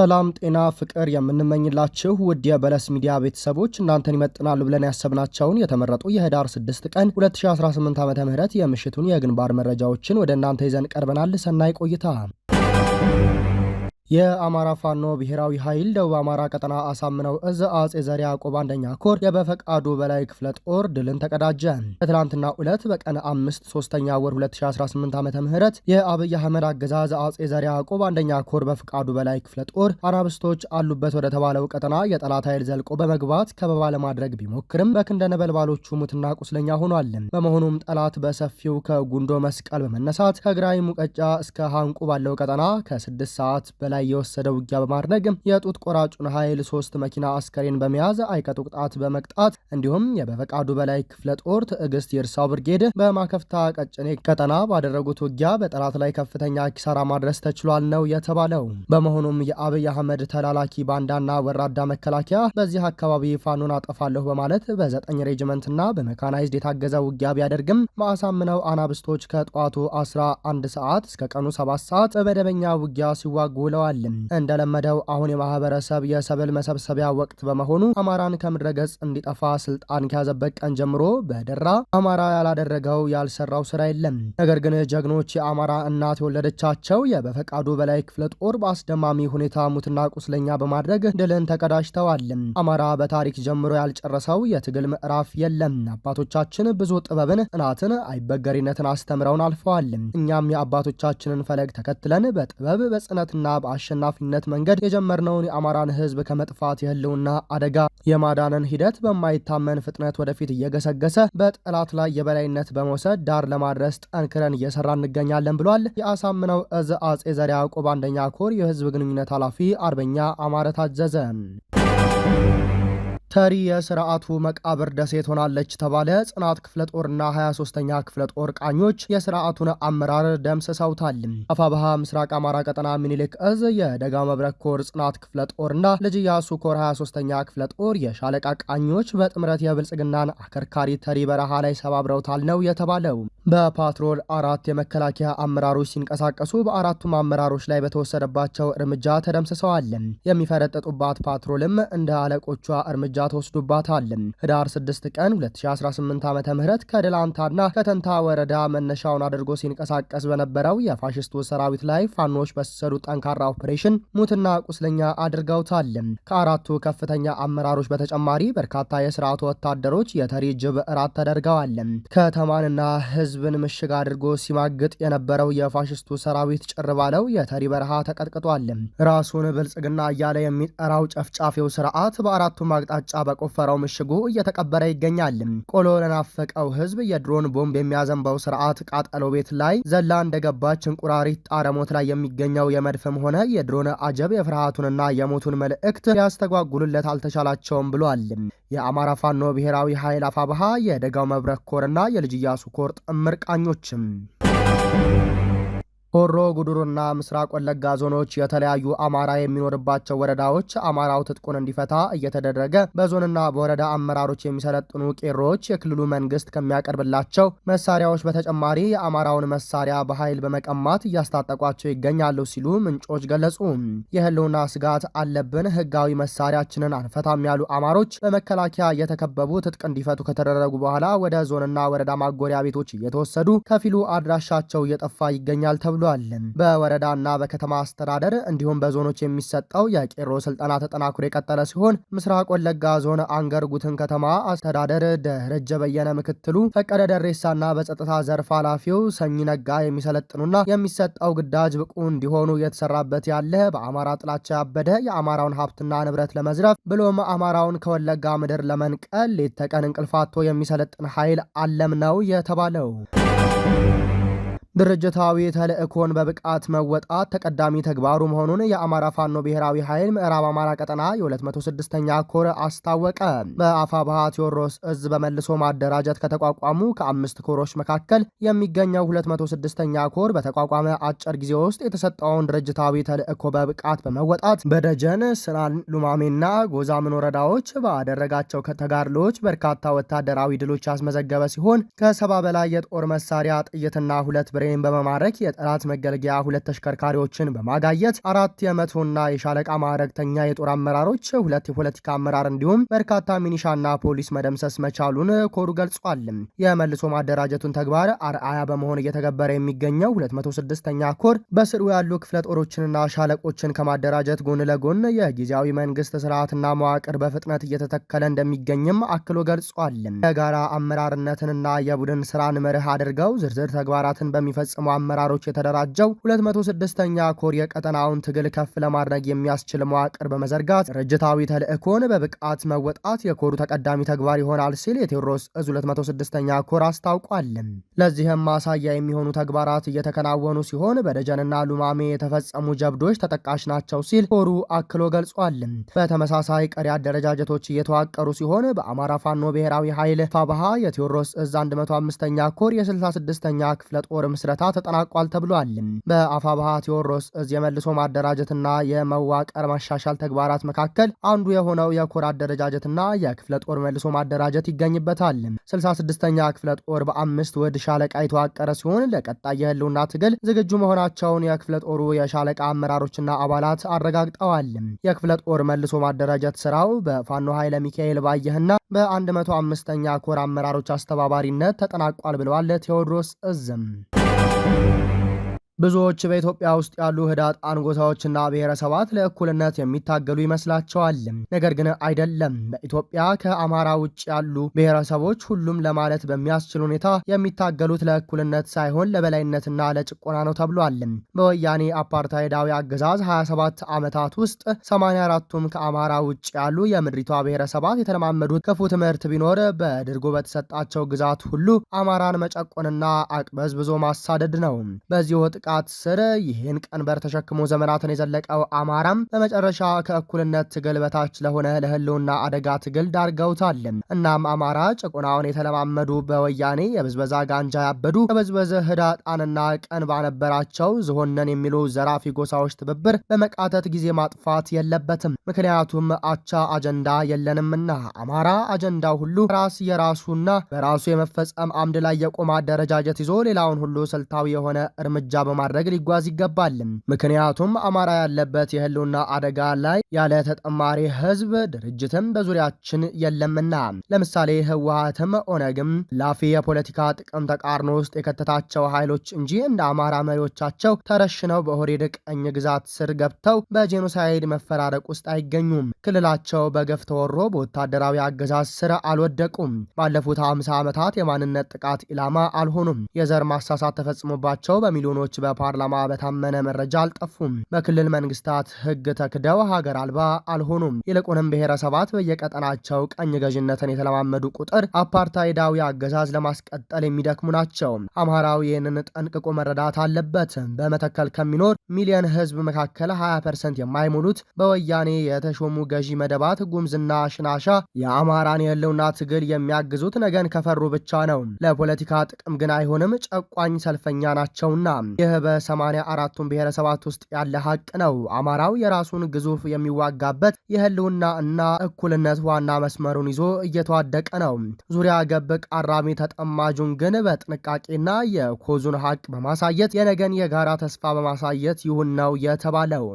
ሰላም ጤና ፍቅር የምንመኝላችሁ ውድ የበለስ ሚዲያ ቤተሰቦች እናንተን ይመጥናሉ ብለን ያሰብናቸውን የተመረጡ የህዳር 6 ቀን 2018 ዓ ም የምሽቱን የግንባር መረጃዎችን ወደ እናንተ ይዘን ቀርበናል። ሰናይ ቆይታ የአማራ ፋኖ ብሔራዊ ኃይል ደቡብ አማራ ቀጠና አሳምነው እዝ አጼ ዘርዓ ያዕቆብ አንደኛ ኮር የበፈቃዱ በላይ ክፍለ ጦር ድልን ተቀዳጀ። በትላንትና ዕለት በቀን አምስት ሶስተኛ ወር 2018 ዓ ም የአብይ አህመድ አገዛዝ አጼ ዘርዓ ያዕቆብ አንደኛ ኮር በፈቃዱ በላይ ክፍለ ጦር አናብስቶች አሉበት ወደ ተባለው ቀጠና የጠላት ኃይል ዘልቆ በመግባት ከበባ ለማድረግ ቢሞክርም በክንደ ነበልባሎቹ ሙትና ቁስለኛ ሆኗል። በመሆኑም ጠላት በሰፊው ከጉንዶ መስቀል በመነሳት ከግራይ ሙቀጫ እስከ ሃንቁ ባለው ቀጠና ከስድስት ሰዓት በላይ ላይ የወሰደ ውጊያ በማድረግ የጡት ቆራጩን ኃይል ሶስት መኪና አስከሬን በመያዝ አይቀጡ ቅጣት በመቅጣት እንዲሁም የበፈቃዱ በላይ ክፍለ ጦር ትዕግስት የእርሳው ብርጌድ በማከፍታ ቀጭኔ ቀጠና ባደረጉት ውጊያ በጠላት ላይ ከፍተኛ ኪሳራ ማድረስ ተችሏል ነው የተባለው። በመሆኑም የአብይ አህመድ ተላላኪ ባንዳና ወራዳ መከላከያ በዚህ አካባቢ ፋኖን አጠፋለሁ በማለት በዘጠኝ ሬጅመንትና በመካናይዝድ የታገዘ ውጊያ ቢያደርግም ማሳምነው አናብስቶች ከጠዋቱ 11 ሰዓት እስከ ቀኑ 7 ሰዓት በመደበኛ ውጊያ ሲዋጉ ውለዋል። ብለዋል። እንደለመደው አሁን የማህበረሰብ የሰብል መሰብሰቢያ ወቅት በመሆኑ አማራን ከምድረ ገጽ እንዲጠፋ ስልጣን ከያዘበት ቀን ጀምሮ በደራ አማራ ያላደረገው ያልሰራው ስራ የለም። ነገር ግን ጀግኖች የአማራ እናት የወለደቻቸው የበፈቃዱ በላይ ክፍለ ጦር በአስደማሚ ሁኔታ ሙትና ቁስለኛ በማድረግ ድልን ተቀዳጅተዋል። አማራ በታሪክ ጀምሮ ያልጨረሰው የትግል ምዕራፍ የለም። አባቶቻችን ብዙ ጥበብን፣ እናትን አይበገሪነትን አስተምረውን አልፈዋል። እኛም የአባቶቻችንን ፈለግ ተከትለን በጥበብ በጽነትና በ አሸናፊነት መንገድ የጀመርነውን የአማራን ህዝብ ከመጥፋት የህልውና አደጋ የማዳንን ሂደት በማይታመን ፍጥነት ወደፊት እየገሰገሰ በጠላት ላይ የበላይነት በመውሰድ ዳር ለማድረስ ጠንክረን እየሰራ እንገኛለን ብሏል። የአሳምነው እዝ አጼ ዘርዓ ያዕቆብ አንደኛ ኮር የህዝብ ግንኙነት ኃላፊ አርበኛ አማረ ታዘዘ። ተሪ የስርዓቱ መቃብር ደሴት ሆናለች ተባለ። ጽናት ክፍለ ጦርና 23ኛ ክፍለ ጦር ቃኞች የስርዓቱን አመራር ደምስሰውታል። አፋባሃ ምስራቅ አማራ ቀጠና ሚኒሊክ እዝ የደጋ መብረክ ኮር ጽናት ክፍለ ጦርና ልጅ ኮር 23ኛ ክፍለ ጦር የሻለቃ ቃኞች በጥምረት የብልጽግናን አከርካሪ ተሪ በረሃ ላይ ሰባብረውታል ነው የተባለው። በፓትሮል አራት የመከላከያ አመራሮች ሲንቀሳቀሱ በአራቱም አመራሮች ላይ በተወሰደባቸው እርምጃ ተደምስሰዋል። የሚፈረጠጡባት ፓትሮልም እንደ አለቆቿ እርምጃ እርምጃ ተወስዶባታል። ህዳር 6 ቀን 2018 ዓ ም ከደላንታና ከተንታ ወረዳ መነሻውን አድርጎ ሲንቀሳቀስ በነበረው የፋሽስቱ ሰራዊት ላይ ፋኖች በሰዱ ጠንካራ ኦፕሬሽን ሙትና ቁስለኛ አድርገውታል። ከአራቱ ከፍተኛ አመራሮች በተጨማሪ በርካታ የስርዓቱ ወታደሮች የተሪ ጅብ እራት ተደርገዋል። ከተማንና ህዝብን ምሽግ አድርጎ ሲማግጥ የነበረው የፋሽስቱ ሰራዊት ጭር ባለው የተሪ በረሃ ተቀጥቅጧል። ራሱን ብልጽግና እያለ የሚጠራው ጨፍጫፊው ስርዓት በአራቱም አቅጣጫ ሩጫ በቆፈረው ምሽጉ እየተቀበረ ይገኛል። ቆሎ ለናፈቀው ህዝብ የድሮን ቦምብ የሚያዘንባው ስርዓት ቃጠሎ ቤት ላይ ዘላ እንደገባች እንቁራሪት ጣረሞት ላይ የሚገኘው የመድፍም ሆነ የድሮን አጀብ የፍርሃቱንና የሞቱን መልእክት ሊያስተጓጉሉለት አልተቻላቸውም ብሏል። የአማራ ፋኖ ብሔራዊ ኃይል አፋብሃ የደጋው መብረክ ኮርና የልጅ ኢያሱ ኮር ጥምር ቃኞችም ሆሮ ጉድሩና ምስራቅ ወለጋ ዞኖች የተለያዩ አማራ የሚኖርባቸው ወረዳዎች አማራው ትጥቁን እንዲፈታ እየተደረገ በዞንና በወረዳ አመራሮች የሚሰለጥኑ ቄሮዎች የክልሉ መንግስት ከሚያቀርብላቸው መሳሪያዎች በተጨማሪ የአማራውን መሳሪያ በኃይል በመቀማት እያስታጠቋቸው ይገኛሉ ሲሉ ምንጮች ገለጹ። የህልውና ስጋት አለብን፣ ህጋዊ መሳሪያችንን አንፈታም ያሉ አማሮች በመከላከያ እየተከበቡ ትጥቅ እንዲፈቱ ከተደረጉ በኋላ ወደ ዞንና ወረዳ ማጎሪያ ቤቶች እየተወሰዱ ከፊሉ አድራሻቸው እየጠፋ ይገኛል ተብሎ ብሏል። በወረዳና በከተማ አስተዳደር እንዲሁም በዞኖች የሚሰጠው የቄሮ ስልጠና ተጠናክሮ የቀጠለ ሲሆን ምስራቅ ወለጋ ዞን አንገርጉትን ከተማ አስተዳደር ደረጀ በየነ ምክትሉ ፈቀደ ደሬሳና በጸጥታ ዘርፍ ኃላፊው ሰኝ ነጋ የሚሰለጥኑና የሚሰጠው ግዳጅ ብቁ እንዲሆኑ እየተሰራበት ያለ በአማራ ጥላቻ ያበደ የአማራውን ሀብትና ንብረት ለመዝረፍ ብሎም አማራውን ከወለጋ ምድር ለመንቀል ሌት ተቀን እንቅልፋቶ የሚሰለጥን ኃይል አለም ነው የተባለው። ድርጅታዊ ተልእኮን በብቃት መወጣት ተቀዳሚ ተግባሩ መሆኑን የአማራ ፋኖ ብሔራዊ ኃይል ምዕራብ አማራ ቀጠና የ206ኛ ኮር አስታወቀ። በአፋብሃ ቴዎድሮስ እዝ በመልሶ ማደራጀት ከተቋቋሙ ከአምስት ኮሮች መካከል የሚገኘው 206ኛ ኮር በተቋቋመ አጭር ጊዜ ውስጥ የተሰጠውን ድርጅታዊ ተልእኮ በብቃት በመወጣት በደጀን ስናን፣ ሉማሜና ጎዛምን ወረዳዎች ባደረጋቸው ተጋድሎዎች በርካታ ወታደራዊ ድሎች ያስመዘገበ ሲሆን ከሰባ በላይ የጦር መሳሪያ ጥይትና ሁለት ብሬን በመማረክ የጠላት መገልገያ ሁለት ተሽከርካሪዎችን በማጋየት አራት የመቶና የሻለቃ ማዕረግተኛ የጦር አመራሮች፣ ሁለት የፖለቲካ አመራር እንዲሁም በርካታ ሚኒሻና ፖሊስ መደምሰስ መቻሉን ኮሩ ገልጿል። የመልሶ ማደራጀቱን ተግባር አርአያ በመሆን እየተገበረ የሚገኘው 206ኛ ኮር በስሩ ያሉ ክፍለ ጦሮችንና ሻለቆችን ከማደራጀት ጎን ለጎን የጊዜያዊ መንግስት ስርዓትና መዋቅር በፍጥነት እየተተከለ እንደሚገኝም አክሎ ገልጿል። የጋራ አመራርነትንና የቡድን ስራን መርህ አድርገው ዝርዝር ተግባራትን በሚ በሚፈጽሙ አመራሮች የተደራጀው 206ኛ ኮር የቀጠናውን ትግል ከፍ ለማድረግ የሚያስችል መዋቅር በመዘርጋት ድርጅታዊ ተልእኮን በብቃት መወጣት የኮሩ ተቀዳሚ ተግባር ይሆናል ሲል የቴዎድሮስ እዝ 206ኛ ኮር አስታውቋል። ለዚህም ማሳያ የሚሆኑ ተግባራት እየተከናወኑ ሲሆን በደጀንና ሉማሜ የተፈጸሙ ጀብዶች ተጠቃሽ ናቸው ሲል ኮሩ አክሎ ገልጿል። በተመሳሳይ ቀሪ አደረጃጀቶች እየተዋቀሩ ሲሆን በአማራ ፋኖ ብሔራዊ ኃይል ፋባሃ የቴዎድሮስ እዝ 105ኛ ኮር የ66ኛ ክፍለ ጦርም ምስረታ ተጠናቋል ተብሏል። በአፋብሃ ቴዎድሮስ እዝ የመልሶ ማደራጀትና የመዋቀር ማሻሻል ተግባራት መካከል አንዱ የሆነው የኮር አደረጃጀትና የክፍለ ጦር መልሶ ማደራጀት ይገኝበታል። 66ኛ ክፍለ ጦር በአምስት ወድ ሻለቃ የተዋቀረ ሲሆን ለቀጣይ የህልውና ትግል ዝግጁ መሆናቸውን የክፍለ ጦሩ የሻለቃ አመራሮችና አባላት አረጋግጠዋል። የክፍለ ጦር መልሶ ማደራጀት ስራው በፋኖ ኃይለ ሚካኤል ባየህና በ105ኛ ኮር አመራሮች አስተባባሪነት ተጠናቋል ብለዋል ቴዎድሮስ እዝም ብዙዎች በኢትዮጵያ ውስጥ ያሉ ህዳጣን ጎሳዎችና ብሔረሰባት ለእኩልነት የሚታገሉ ይመስላቸዋል። ነገር ግን አይደለም። በኢትዮጵያ ከአማራ ውጭ ያሉ ብሔረሰቦች ሁሉም ለማለት በሚያስችል ሁኔታ የሚታገሉት ለእኩልነት ሳይሆን ለበላይነትና ለጭቆና ነው ተብሏል። በወያኔ አፓርታይዳዊ አገዛዝ 27 ዓመታት ውስጥ 84ቱም ከአማራ ውጭ ያሉ የምድሪቷ ብሔረሰባት የተለማመዱት ክፉ ትምህርት ቢኖር በድርጎ በተሰጣቸው ግዛት ሁሉ አማራን መጨቆንና አቅበዝብዞ ማሳደድ ነው። በዚህ ወጥቃ ጥቃት ስር ይህን ቀንበር ተሸክሞ ዘመናትን የዘለቀው አማራም በመጨረሻ ከእኩልነት ትግል በታች ለሆነ ለህልውና አደጋ ትግል ዳርገውታል። እናም አማራ ጭቁናውን የተለማመዱ በወያኔ የብዝበዛ ጋንጃ ያበዱ ህዳ ህዳጣንና ቀን ባነበራቸው ዝሆነን የሚሉ ዘራፊ ጎሳዎች ትብብር በመቃተት ጊዜ ማጥፋት የለበትም። ምክንያቱም አቻ አጀንዳ የለንምና አማራ አጀንዳው ሁሉ ራስ የራሱና በራሱ የመፈጸም አምድ ላይ የቆመ አደረጃጀት ይዞ ሌላውን ሁሉ ስልታዊ የሆነ እርምጃ በማ ለማድረግ ሊጓዝ ይገባል። ምክንያቱም አማራ ያለበት የህልውና አደጋ ላይ ያለ ተጠማሪ ህዝብ ድርጅትም በዙሪያችን የለምና። ለምሳሌ ህወሀትም ኦነግም ላፊ የፖለቲካ ጥቅም ተቃርኖ ውስጥ የከተታቸው ኃይሎች እንጂ እንደ አማራ መሪዎቻቸው ተረሽነው በኦህዴድ ቀኝ ግዛት ስር ገብተው በጄኖሳይድ መፈራረቅ ውስጥ አይገኙም። ክልላቸው በገፍ ተወሮ በወታደራዊ አገዛዝ ስር አልወደቁም። ባለፉት አምሳ ዓመታት የማንነት ጥቃት ኢላማ አልሆኑም። የዘር ማሳሳት ተፈጽሞባቸው በሚሊዮኖች በ በፓርላማ በታመነ መረጃ አልጠፉም። በክልል መንግስታት ህግ ተክደው ሀገር አልባ አልሆኑም። ይልቁንም ብሔረሰባት በየቀጠናቸው ቀኝ ገዥነትን የተለማመዱ ቁጥር አፓርታይዳዊ አገዛዝ ለማስቀጠል የሚደክሙ ናቸው። አምሃራው ይህንን ጠንቅቆ መረዳት አለበት። በመተከል ከሚኖር ሚሊዮን ህዝብ መካከል 20 ፐርሰንት የማይሞሉት በወያኔ የተሾሙ ገዢ መደባት ጉምዝና ሽናሻ የአማራን የህልውና ትግል የሚያግዙት ነገን ከፈሩ ብቻ ነው። ለፖለቲካ ጥቅም ግን አይሆንም። ጨቋኝ ሰልፈኛ ናቸውና ይህ ይህ በሰማንያ አራቱን ብሔረሰባት ውስጥ ያለ ሀቅ ነው። አማራው የራሱን ግዙፍ የሚዋጋበት የህልውና እና እኩልነት ዋና መስመሩን ይዞ እየተዋደቀ ነው። ዙሪያ ገብ ቃራሚ ተጠማጁን ግን በጥንቃቄና የኮዙን ሀቅ በማሳየት የነገን የጋራ ተስፋ በማሳየት ይሁን ነው የተባለው።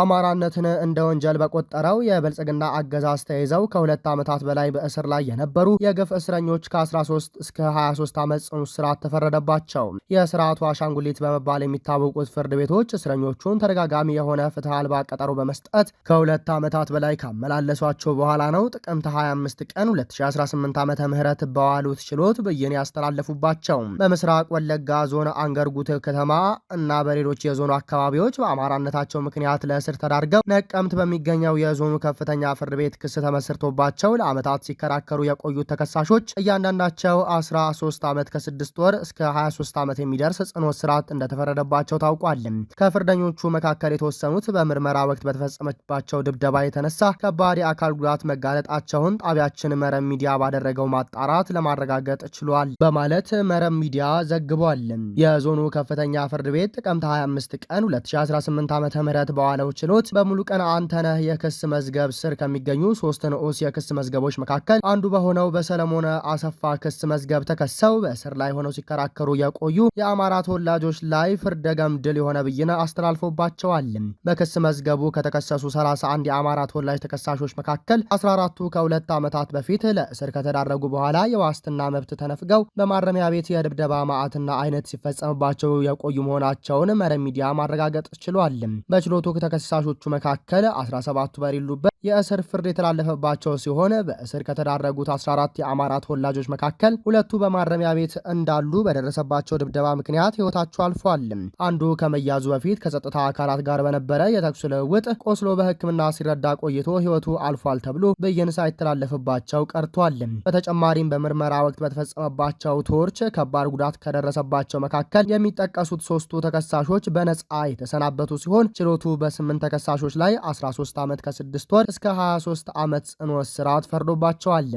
አማራነትን እንደ ወንጀል በቆጠረው የብልጽግና አገዛዝ ተይዘው ከሁለት ዓመታት በላይ በእስር ላይ የነበሩ የግፍ እስረኞች ከ13 እስከ 23 ዓመት ጽኑ እስራት ተፈረደባቸው። የስርዓቱ አሻንጉሊት በመባል የሚታወቁት ፍርድ ቤቶች እስረኞቹን ተደጋጋሚ የሆነ ፍትህ አልባ ቀጠሮ በመስጠት ከሁለት ዓመታት በላይ ካመላለሷቸው በኋላ ነው ጥቅምት 25 ቀን 2018 ዓ ምህረት በዋሉት ችሎት ብይን ያስተላለፉባቸው። በምስራቅ ወለጋ ዞን አንገርጉት ከተማ እና በሌሎች የዞኑ አካባቢዎች በአማራነታቸው ምክንያት ለ ስር ተዳርገው ነቀምት በሚገኘው የዞኑ ከፍተኛ ፍርድ ቤት ክስ ተመስርቶባቸው ለዓመታት ሲከራከሩ የቆዩት ተከሳሾች እያንዳንዳቸው 13 ዓመት ከስድስት ወር እስከ 23 ዓመት የሚደርስ ጽኑ እስራት እንደተፈረደባቸው ታውቋል። ከፍርደኞቹ መካከል የተወሰኑት በምርመራ ወቅት በተፈጸመባቸው ድብደባ የተነሳ ከባድ የአካል ጉዳት መጋለጣቸውን ጣቢያችን መረብ ሚዲያ ባደረገው ማጣራት ለማረጋገጥ ችሏል በማለት መረብ ሚዲያ ዘግቧል። የዞኑ ከፍተኛ ፍርድ ቤት ጥቅምት 25 ቀን 2018 ዓ ም በዋለው የዋለው ችሎት ቀን አንተነህ የክስ መዝገብ ስር ከሚገኙ ሶስት ንዑስ የክስ መዝገቦች መካከል አንዱ በሆነው በሰለሞነ አሰፋ ክስ መዝገብ ተከሰው በእስር ላይ ሆነው ሲከራከሩ የቆዩ የአማራ ተወላጆች ላይ ፍርደ ገምድል የሆነ ብይን አስተላልፎባቸዋል። በክስ መዝገቡ ከተከሰሱ 31 የአማራ ተወላጅ ተከሳሾች መካከል 14ቱ ከሁለት ዓመታት በፊት ለእስር ከተዳረጉ በኋላ የዋስትና መብት ተነፍገው በማረሚያ ቤት የድብደባ ማዕትና አይነት ሲፈጸምባቸው የቆዩ መሆናቸውን መረብ ሚዲያ ማረጋገጥ ችሏል። በችሎቱ ከተከሳሾቹ መካከል 17ቱ በሌሉበት የእስር ፍርድ የተላለፈባቸው ሲሆን በእስር ከተዳረጉት 14 የአማራ ተወላጆች መካከል ሁለቱ በማረሚያ ቤት እንዳሉ በደረሰባቸው ድብደባ ምክንያት ህይወታቸው አልፏል። አንዱ ከመያዙ በፊት ከጸጥታ አካላት ጋር በነበረ የተኩስ ልውውጥ ቆስሎ በሕክምና ሲረዳ ቆይቶ ሕይወቱ አልፏል ተብሎ ብይን ሳይተላለፍባቸው ቀርቷል። በተጨማሪም በምርመራ ወቅት በተፈጸመባቸው ቶርች ከባድ ጉዳት ከደረሰባቸው መካከል የሚጠቀሱት ሶስቱ ተከሳሾች በነጻ የተሰናበቱ ሲሆን ችሎቱ በስም 18 ተከሳሾች ላይ 13 ዓመት ከ6 ወር እስከ 23 ዓመት ጽኑ እስራት ፈርዶባቸዋል።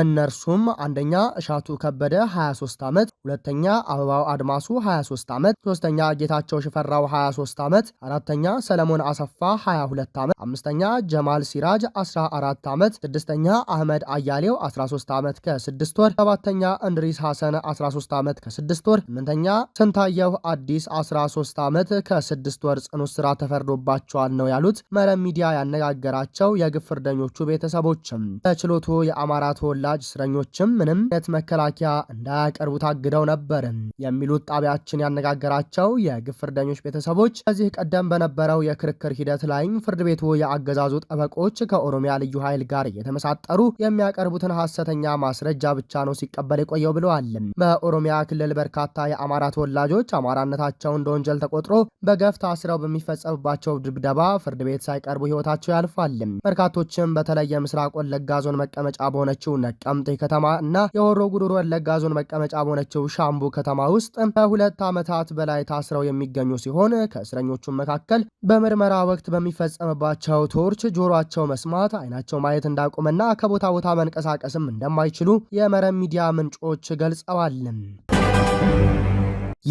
እነርሱም አንደኛ እሻቱ ከበደ 23 ዓመት፣ ሁለተኛ አበባው አድማሱ 23 ዓመት፣ ሶስተኛ ጌታቸው ሽፈራው 23 ዓመት፣ አራተኛ ሰለሞን አሰፋ 22 ዓመት፣ አምስተኛ ጀማል ሲራጅ 14 ዓመት፣ ስድስተኛ አህመድ አያሌው 13 ዓመት ከ6 ወር፣ ሰባተኛ እንድሪስ ሐሰን 13 ዓመት ከ6 ወር፣ ስምንተኛ ስንታየው አዲስ 13 ዓመት ከ6 ወር ጽኑ እስራት ተፈርዶባቸዋል። መሆናቸዋን ነው ያሉት መረብ ሚዲያ ያነጋገራቸው የግፍ ፍርደኞቹ ቤተሰቦችም በችሎቱ የአማራ ተወላጅ እስረኞችም ምንም ነት መከላከያ እንዳያቀርቡ ታግደው ነበር የሚሉት ጣቢያችን ያነጋገራቸው የግፍ ፍርደኞች ቤተሰቦች ከዚህ ቀደም በነበረው የክርክር ሂደት ላይም ፍርድ ቤቱ የአገዛዙ ጠበቆች ከኦሮሚያ ልዩ ኃይል ጋር እየተመሳጠሩ የሚያቀርቡትን ሀሰተኛ ማስረጃ ብቻ ነው ሲቀበል የቆየው ብለዋል። በኦሮሚያ ክልል በርካታ የአማራ ተወላጆች አማራነታቸው እንደ ወንጀል ተቆጥሮ በገፍ ታስረው በሚፈጸምባቸው ድብደ ድብደባ ፍርድ ቤት ሳይቀርቡ ህይወታቸው ያልፋል። በርካቶችም በተለይ የምስራቅ ወለጋ ዞን መቀመጫ በሆነችው ነቀምጤ ከተማ እና የሆሮ ጉዱሩ ወለጋ ዞን መቀመጫ በሆነችው ሻምቡ ከተማ ውስጥ ከሁለት ዓመታት በላይ ታስረው የሚገኙ ሲሆን ከእስረኞቹም መካከል በምርመራ ወቅት በሚፈጸምባቸው ቶርች ጆሮቸው መስማት፣ አይናቸው ማየት እንዳቁምና ከቦታ ቦታ መንቀሳቀስም እንደማይችሉ የመረብ ሚዲያ ምንጮች ገልጸዋል።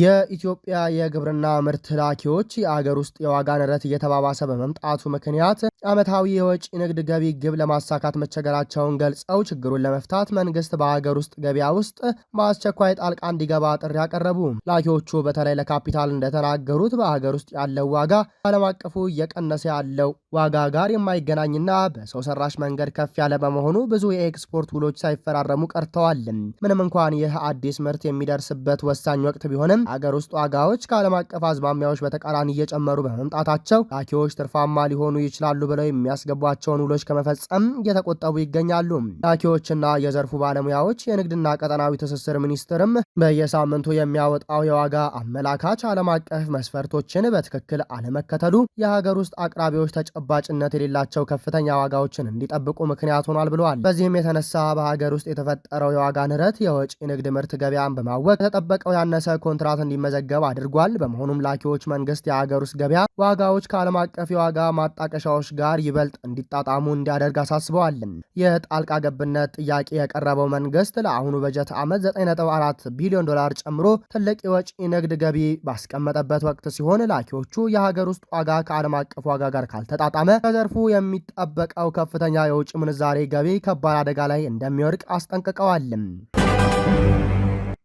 የኢትዮጵያ የግብርና ምርት ላኪዎች የአገር ውስጥ የዋጋ ንረት እየተባባሰ በመምጣቱ ምክንያት ዓመታዊ የወጪ ንግድ ገቢ ግብ ለማሳካት መቸገራቸውን ገልጸው ችግሩን ለመፍታት መንግስት በሀገር ውስጥ ገበያ ውስጥ በአስቸኳይ ጣልቃ እንዲገባ ጥሪ አቀረቡ። ላኪዎቹ በተለይ ለካፒታል እንደተናገሩት በሀገር ውስጥ ያለው ዋጋ ዓለም አቀፉ እየቀነሰ ያለው ዋጋ ጋር የማይገናኝና በሰው ሰራሽ መንገድ ከፍ ያለ በመሆኑ ብዙ የኤክስፖርት ውሎች ሳይፈራረሙ ቀርተዋል። ምንም እንኳን ይህ አዲስ ምርት የሚደርስበት ወሳኝ ወቅት ቢሆንም ቢሆንም አገር ውስጥ ዋጋዎች ከዓለም አቀፍ አዝማሚያዎች በተቃራኒ እየጨመሩ በመምጣታቸው ላኪዎች ትርፋማ ሊሆኑ ይችላሉ ብለው የሚያስገቧቸውን ውሎች ከመፈጸም እየተቆጠቡ ይገኛሉ። ላኪዎችና የዘርፉ ባለሙያዎች የንግድና ቀጠናዊ ትስስር ሚኒስቴርም በየሳምንቱ የሚያወጣው የዋጋ አመላካች ዓለም አቀፍ መስፈርቶችን በትክክል አለመከተሉ የሀገር ውስጥ አቅራቢዎች ተጨባጭነት የሌላቸው ከፍተኛ ዋጋዎችን እንዲጠብቁ ምክንያት ሆኗል ብለዋል። በዚህም የተነሳ በሀገር ውስጥ የተፈጠረው የዋጋ ንረት የወጪ ንግድ ምርት ገበያን በማወቅ የተጠበቀው ያነሰ ኮንትራ በጥራት እንዲመዘገብ አድርጓል። በመሆኑም ላኪዎች መንግስት የአገር ውስጥ ገበያ ዋጋዎች ከዓለም አቀፍ የዋጋ ማጣቀሻዎች ጋር ይበልጥ እንዲጣጣሙ እንዲያደርግ አሳስበዋል። የጣልቃ ገብነት ጥያቄ የቀረበው መንግስት ለአሁኑ በጀት ዓመት 9.4 ቢሊዮን ዶላር ጨምሮ ትልቅ የወጪ ንግድ ገቢ ባስቀመጠበት ወቅት ሲሆን ላኪዎቹ የሀገር ውስጥ ዋጋ ከዓለም አቀፍ ዋጋ ጋር ካልተጣጣመ ከዘርፉ የሚጠበቀው ከፍተኛ የውጭ ምንዛሬ ገቢ ከባድ አደጋ ላይ እንደሚወድቅ አስጠንቅቀዋል።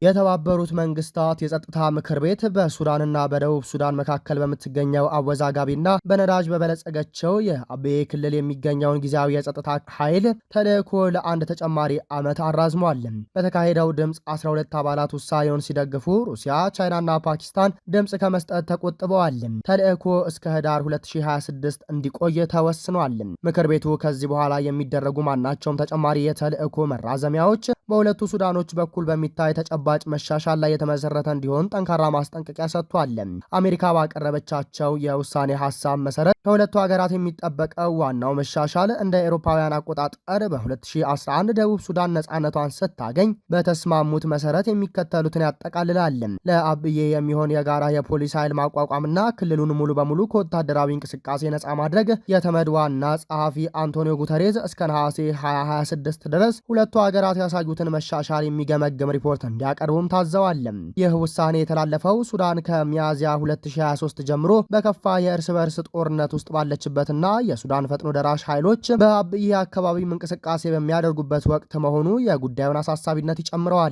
የተባበሩት መንግስታት የጸጥታ ምክር ቤት በሱዳንና በደቡብ ሱዳን መካከል በምትገኘው አወዛጋቢና በነዳጅ በበለጸገችው የአብዬ ክልል የሚገኘውን ጊዜያዊ የጸጥታ ኃይል ተልእኮ ለአንድ ተጨማሪ ዓመት አራዝሟል። በተካሄደው ድምፅ 12 አባላት ውሳኔውን ሲደግፉ ሩሲያ፣ ቻይናና ፓኪስታን ድምፅ ከመስጠት ተቆጥበዋል። ተልእኮ እስከ ህዳር 2026 እንዲቆይ ተወስኗል። ምክር ቤቱ ከዚህ በኋላ የሚደረጉ ማናቸውም ተጨማሪ የተልእኮ መራዘሚያዎች በሁለቱ ሱዳኖች በኩል በሚታይ ተጨባ ተጨባጭ መሻሻል ላይ የተመሰረተ እንዲሆን ጠንካራ ማስጠንቀቂያ ሰጥቷል። አሜሪካ ባቀረበቻቸው የውሳኔ ሀሳብ መሰረት ከሁለቱ ሀገራት የሚጠበቀው ዋናው መሻሻል እንደ ኤሮፓውያን አቆጣጠር በ2011 ደቡብ ሱዳን ነጻነቷን ስታገኝ በተስማሙት መሰረት የሚከተሉትን ያጠቃልላል። ለአብዬ የሚሆን የጋራ የፖሊስ ኃይል ማቋቋምና ክልሉን ሙሉ በሙሉ ከወታደራዊ እንቅስቃሴ ነጻ ማድረግ የተመድ ዋና ጸሐፊ አንቶኒዮ ጉተሬዝ እስከ ነሐሴ 2026 ድረስ ሁለቱ ሀገራት ያሳዩትን መሻሻል የሚገመግም ሪፖርት እንዲያቀ እንዲያቀርቡም ታዘዋል። ይህ ውሳኔ የተላለፈው ሱዳን ከሚያዝያ 2023 ጀምሮ በከፋ የእርስ በርስ ጦርነት ውስጥ ባለችበትና የሱዳን ፈጥኖ ደራሽ ኃይሎች በአብይ አካባቢ እንቅስቃሴ በሚያደርጉበት ወቅት መሆኑ የጉዳዩን አሳሳቢነት ይጨምረዋል።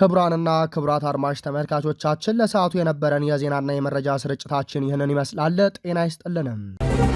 ክቡራንና ክቡራት አድማጭ ተመልካቾቻችን ለሰዓቱ የነበረን የዜናና የመረጃ ስርጭታችን ይህንን ይመስላል። ጤና ይስጥልንም።